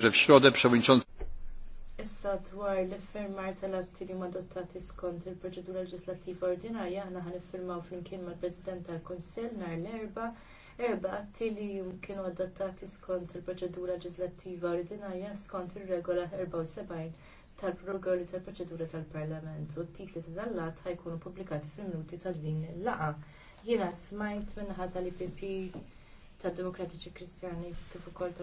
że w środę przewodniczący Issa dwar l-iffirmar tal-atti li madottati skont il-proċedura leġislattiva ordinarja aħna ħan iffirmaw flimkien mal-President tal-Kunsill nhar l-erba erba atti li kienu adattati skont il-proċedura leġislattiva ordinarja skont ir-regola 74 tal progoli tal-proċedura tal-Parlament u t-titli tal dal ħajkunu pubblikati fil-minuti ta' din il laqgħa Jiena smajt minnaħa tal-IPP tad-Demokratiċi Kristjani kif ukoll